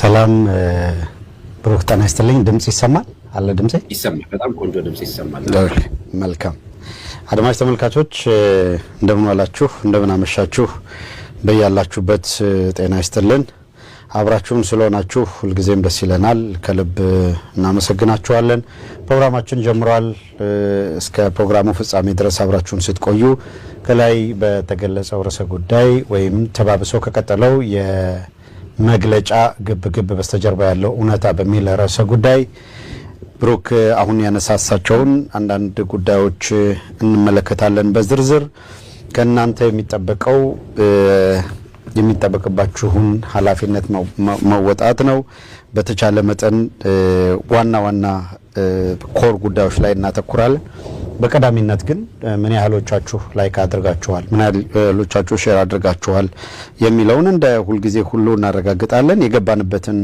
ሰላም ብሩክ ጤና ይስጥልኝ። ድምጽ ይሰማል አለ? ድምፅ ይሰማል። በጣም ቆንጆ ድምፅ ይሰማል። መልካም አድማጭ ተመልካቾች እንደምን ዋላችሁ፣ እንደምን አመሻችሁ። በያላችሁበት ጤና ይስጥልን። አብራችሁን ስለሆናችሁ ሁልጊዜም ደስ ይለናል። ከልብ እናመሰግናችኋለን። ፕሮግራማችን ጀምሯል። እስከ ፕሮግራሙ ፍጻሜ ድረስ አብራችሁን ስትቆዩ ከላይ በተገለጸው ርዕሰ ጉዳይ ወይም ተባብሶ ከቀጠለው መግለጫ ግብ ግብ በስተጀርባ ያለው እውነታ በሚል ርዕሰ ጉዳይ ብሩክ አሁን ያነሳሳቸውን አንዳንድ ጉዳዮች እንመለከታለን በዝርዝር ከእናንተ የሚጠበቀው የሚጠበቅባችሁን ኃላፊነት መወጣት ነው። በተቻለ መጠን ዋና ዋና ኮር ጉዳዮች ላይ እናተኩራለን። በቀዳሚነት ግን ምን ያህሎቻችሁ ላይክ አድርጋችኋል፣ ምን ያህሎቻችሁ ሼር አድርጋችኋል የሚለውን እንደ ሁልጊዜ ሁሉ እናረጋግጣለን። የገባንበትን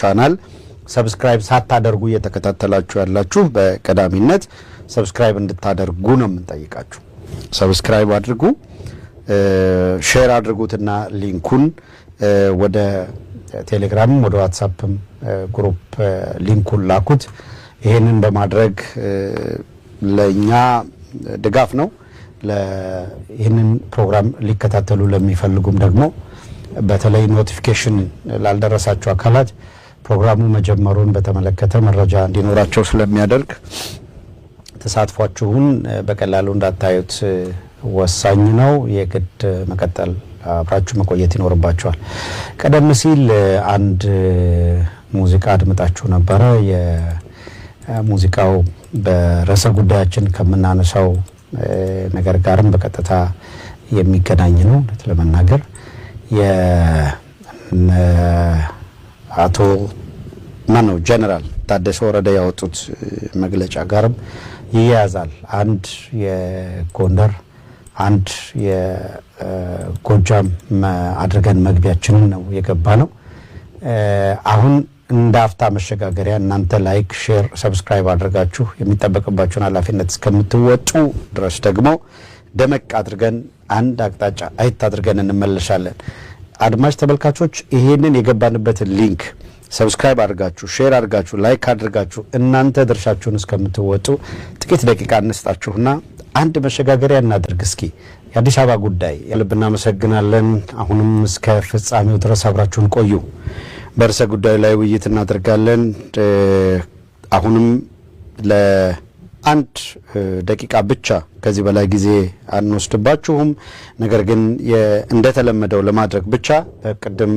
ቻናል ሰብስክራይብ ሳታደርጉ እየተከታተላችሁ ያላችሁ በቀዳሚነት ሰብስክራይብ እንድታደርጉ ነው የምንጠይቃችሁ። ሰብስክራይብ አድርጉ፣ ሼር አድርጉትና ሊንኩን ወደ ቴሌግራምም ወደ ዋትሳፕም ግሩፕ ሊንኩን ላኩት። ይህንን በማድረግ ለእኛ ድጋፍ ነው። ይህንን ፕሮግራም ሊከታተሉ ለሚፈልጉም ደግሞ በተለይ ኖቲፊኬሽን ላልደረሳቸው አካላት ፕሮግራሙ መጀመሩን በተመለከተ መረጃ እንዲኖራቸው ስለሚያደርግ ተሳትፏችሁን በቀላሉ እንዳታዩት ወሳኝ ነው። የግድ መቀጠል አብራችሁ መቆየት ይኖርባቸዋል። ቀደም ሲል አንድ ሙዚቃ አድምጣችሁ ነበረ። የሙዚቃው በርዕሰ ጉዳያችን ከምናነሳው ነገር ጋርም በቀጥታ የሚገናኝ ነው። እውነት ለመናገር የአቶ ማነው ጀነራል ታደሰ ወረደ ያወጡት መግለጫ ጋርም ይያያዛል። አንድ የጎንደር አንድ የጎጃም አድርገን መግቢያችንን ነው የገባ ነው። አሁን እንደ አፍታ መሸጋገሪያ እናንተ ላይክ፣ ሼር፣ ሰብስክራይብ አድርጋችሁ የሚጠበቅባችሁን ኃላፊነት እስከምትወጡ ድረስ ደግሞ ደመቅ አድርገን አንድ አቅጣጫ አይት አድርገን እንመለሻለን። አድማጭ ተመልካቾች ይሄንን የገባንበትን ሊንክ ሰብስክራይብ አድርጋችሁ ሼር አድርጋችሁ ላይክ አድርጋችሁ እናንተ ድርሻችሁን እስከምትወጡ ጥቂት ደቂቃ እንስጣችሁና አንድ መሸጋገሪያ እናድርግ እስኪ። የአዲስ አበባ ጉዳይ ልብ እናመሰግናለን። አሁንም እስከ ፍጻሜው ድረስ አብራችሁን ቆዩ። በርዕሰ ጉዳዩ ላይ ውይይት እናደርጋለን። አሁንም ለአንድ ደቂቃ ብቻ ከዚህ በላይ ጊዜ አንወስድባችሁም። ነገር ግን እንደተለመደው ለማድረግ ብቻ ቅድም